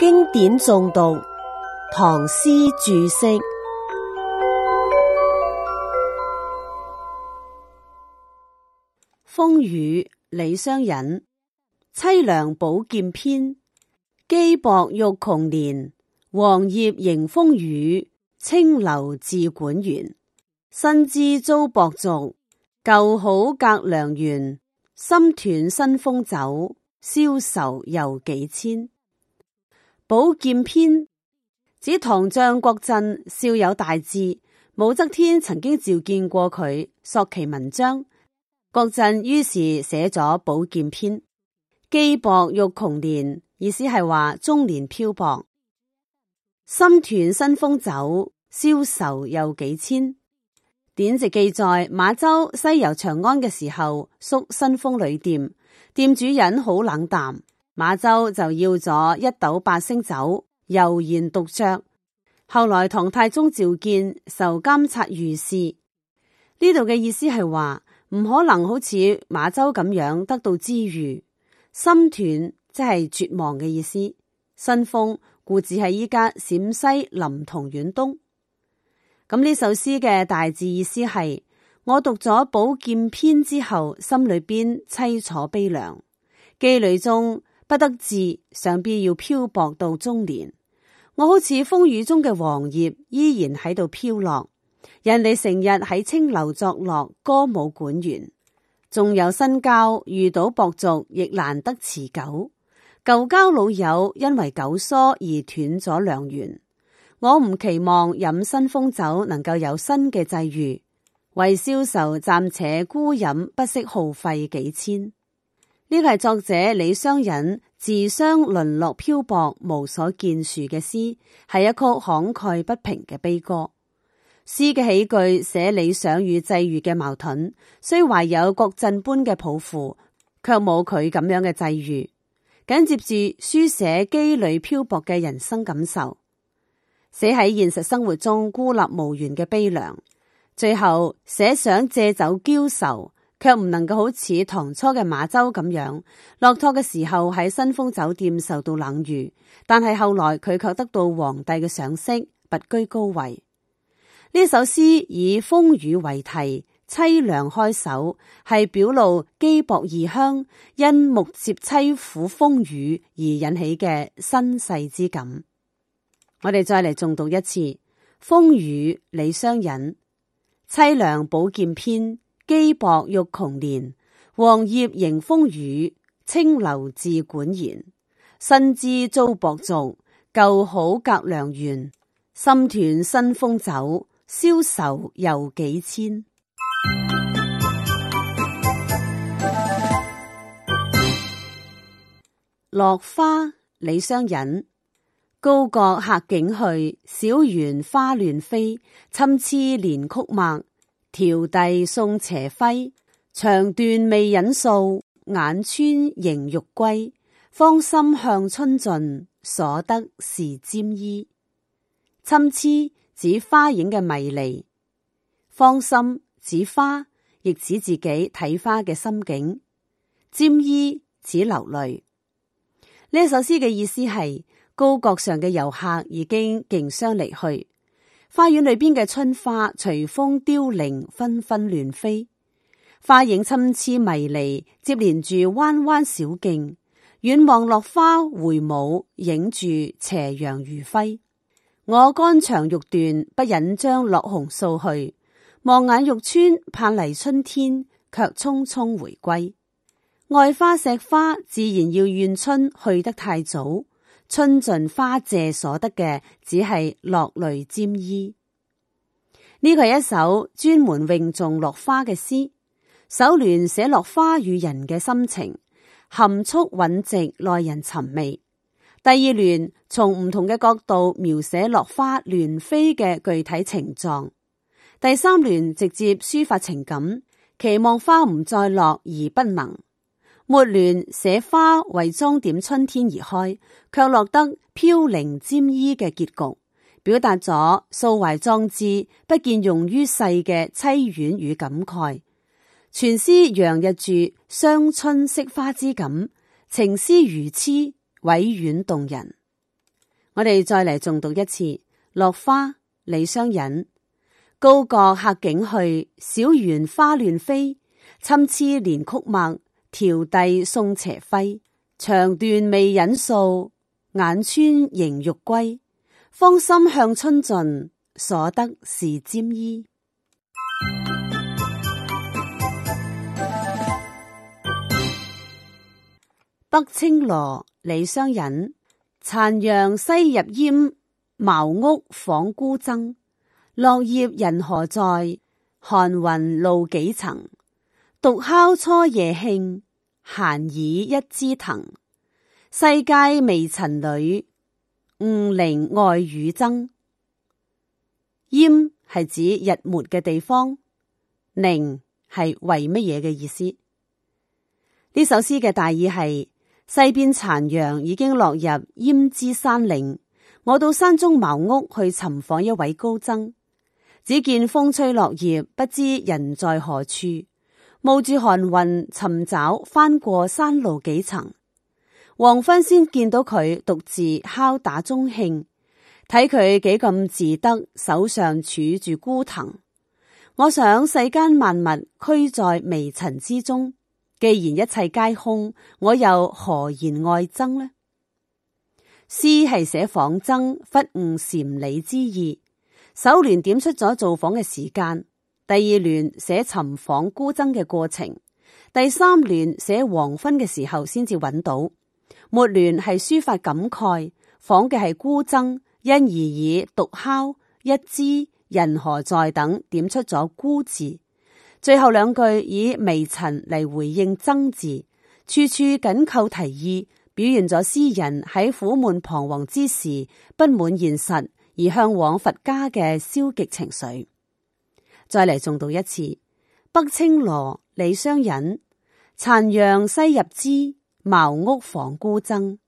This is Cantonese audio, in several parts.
經典誦讀，唐詩注釋。風雨，李商隱。淒涼寶劍篇，羈泊欲窮年。黃葉迎風雨，青樓自管絃。新知遭薄俗，舊好隔良緣。心斷新風酒，消愁又幾千。《寶劍篇》指唐將郭震少有大志，武則天曾經召見過佢，索其文章。郭震於是寫咗《寶劍篇》，既薄欲窮年，意思係話中年漂泊，心斷新豐酒，消愁又幾千。典籍記載，馬周西遊長安嘅時候，宿新豐旅店，店主人好冷淡。馬周就要咗一斗八升酒，悠然獨酌。後來唐太宗召見，授監察御史。呢度嘅意思係話唔可能好似馬周咁樣得到之餘心斷，即係絕望嘅意思。新豐故址係依家陝西臨潼縣東。咁呢首詩嘅大致意思係，我讀咗《寶劍篇》之後，心裏邊淒楚悲涼，羈旅中。不得志，想必要漂泊到中年。我好似風雨中嘅黃葉，依然喺度飄落。人哋成日喺青樓作樂，歌舞管弦，仲有新交遇到薄俗，亦難得持久。舊交老友因為久疏而斷咗良緣。我唔期望飲新風酒，能夠有新嘅際遇。為消愁，暫且孤飲，不惜耗費幾千。呢個係作者李商隱自傷淪落漂泊、無所建樹嘅詩，係一曲慷慨不平嘅悲歌。詩嘅起句寫理想與際遇嘅矛盾，雖懷有郭震般嘅抱負，卻冇佢咁樣嘅際遇。緊接住書寫羈旅漂泊嘅人生感受，寫喺現實生活中孤立無援嘅悲涼，最後寫想借酒澆愁。卻唔能夠好似唐初嘅馬周咁樣落拓嘅時候喺新豐酒店受到冷遇，但係後來佢卻得到皇帝嘅賞識，拔居高位。呢首詩以風雨為題，淒涼開首，係表露羈泊異鄉，因目接淒苦風雨而引起嘅身世之感。我哋再嚟重讀一次《風雨》，李商隱《淒涼寶劍篇》。機薄欲窮年，黃葉迎風雨。清流自管言。新枝遭薄逐，舊好隔良緣。心斷新風酒，消愁又幾千。 落花李商隱，高閣客景去，小園花亂飛。參差連曲陌，迢遞送斜暉，腸斷未忍掃，眼穿仍欲歸。芳心向春盡，所得是沾衣。參差指花影嘅迷離，芳心指花，亦指自己睇花嘅心境。沾衣指流淚。呢首詩嘅意思係，高閣上嘅遊客已經競相離去。花園裏邊嘅春花隨風凋零，紛紛亂飛，花影參差迷離，接連住彎彎小徑。遠望落花回舞，影住斜陽如暉。我肝腸欲斷，不忍將落紅掃去，望眼欲穿，盼嚟春天，卻匆匆回歸。愛花惜花，自然要怨春去得太早。春盡花謝，所得嘅只係落淚沾衣，呢個係一首專門詠頌落花嘅詩。首聯寫落花與人嘅心情，含蓄蘊藉，耐人尋味。第二聯從唔同嘅角度描寫落花亂飛嘅具體情狀。第三聯直接抒發情感，期望花唔再落而不能。末聯寫花為裝點春天而開，卻落得飄零沾衣嘅結局，表達咗素懷壯志不見容於世嘅淒怨與感慨。全詩洋溢住傷春惜花之感，情思如痴，委婉動人。我哋再嚟誦讀一次《落花》李商隱：高閣客竟去，小園花亂飛，參差連曲陌。迢遞送斜暉，腸斷未忍掃，眼穿仍欲歸。芳心向春盡，所得是沾衣。 北青羅，李商隱。殘陽西入崦，茅屋訪孤僧。落葉人何在？寒雲路幾層。獨敲初夜磬，閒倚一枝藤。世界微塵裏，吾寧愛與憎。崦係指日沒嘅地方，寧係為乜嘢嘅意思？呢首詩嘅大意係西邊殘陽已經落入崦嵫山嶺，我到山中茅屋去尋訪一位高僧，只見風吹落葉，不知人在何處。冒住寒雲尋找，翻過山路幾層，黃昏先見到佢獨自敲打鐘磬，睇佢幾咁自得，手上拄住孤藤。我想世間萬物俱在微塵之中，既然一切皆空，我又何言愛憎呢？詩係寫訪僧，忽悟禪理之意，首聯點出咗造訪嘅時間。第二聯寫尋訪孤僧嘅過程，第三聯寫黃昏嘅時候先至揾到。末聯係抒發感慨，仿嘅係孤僧，因而以獨敲一枝人何在等點出咗孤字。最後兩句以微塵嚟回應僧字，處處緊扣題意，表現咗詩人喺苦悶彷徨之時不滿現實而向往佛家嘅消極情緒。再嚟重讀一次：北青羅，李商隱。殘陽西入崦，茅屋訪孤僧。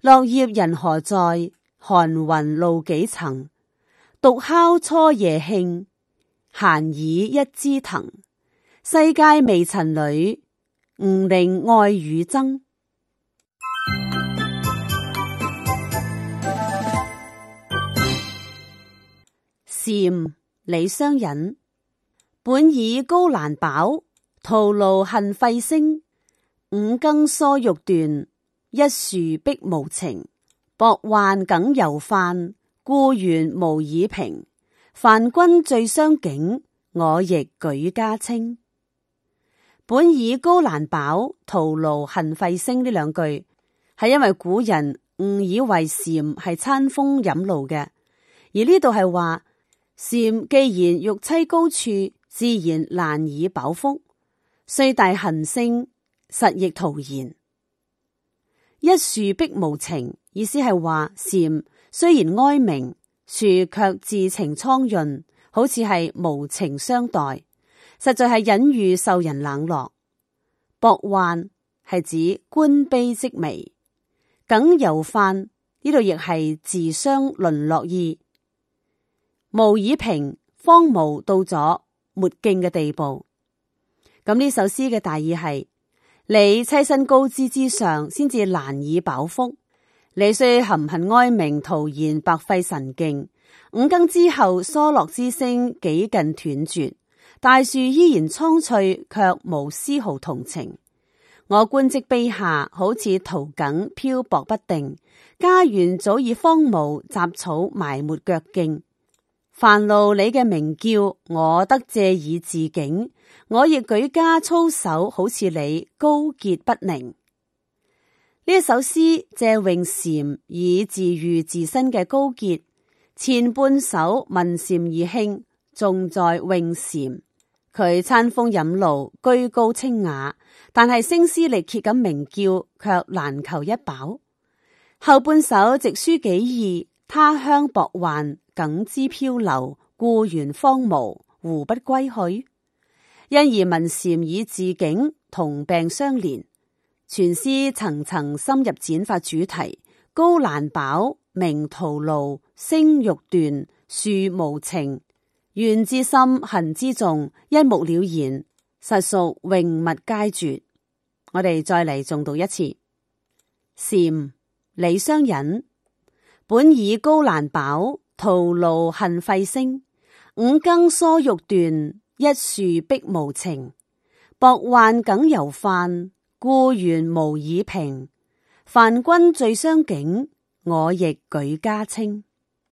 落葉人何在？寒雲路幾層？獨敲初夜磬，閑倚一枝藤。世界微塵裏，吾寧愛與憎。蟬，李商隱。本以高難飽，徒勞恨費聲。五更疏欲斷，一樹碧無情。薄宦梗猶泛，故園蕪已平。凡君最相警，我亦舉家清。本以高難飽，徒勞恨費聲呢兩句，係因為古人誤、嗯、以為禪係餐風飲露嘅，而呢度係話禪既然欲棲高處。自然難以飽腹，歲大恆星實亦徒然。一樹碧無情，意思係話蟬雖然哀鳴，樹卻自情蒼潤，好似係無情相待，實在係隱喻受人冷落。薄患係指官卑職微，梗猶泛呢度，亦係自相淪落意。無以平，方無到咗。沒勁嘅地步，咁呢首詩嘅大意係：你棲身高枝之上，先至難以飽腹；你雖含恨哀鳴，徒然白費神勁。五更之後，疏落之聲幾近斷絕，大樹依然蒼翠，卻無絲毫同情。我官職卑下，好似途梗漂泊不定，家園早已荒蕪，雜草埋沒腳徑。煩勞你嘅鳴叫，我得借以自警。我亦舉家操守，好似你高潔不寧。呢一首詩借詠蟬以自喻自身嘅高潔。前半首聞蟬而興，重在詠蟬。佢餐風飲露，居高清雅，但係聲嘶力竭咁鳴叫，卻難求一飽。後半首直抒己意，他鄉薄宦。梗之漂流，故園荒蕪，胡不歸去？因而聞禪以自景，同病相憐，全詩層層深入，剪發主題。高難飽，名徒勞，聲欲斷，樹無情，怨之深，恨之重，一目了然，實屬詠物皆絕。我哋再嚟誦讀一次。禪，李商隱，本以高難飽。徒勞恨費聲，五更疏欲斷，一樹碧無情。薄宦梗猶泛，故園蕪已平。煩君最相警，我亦舉家清。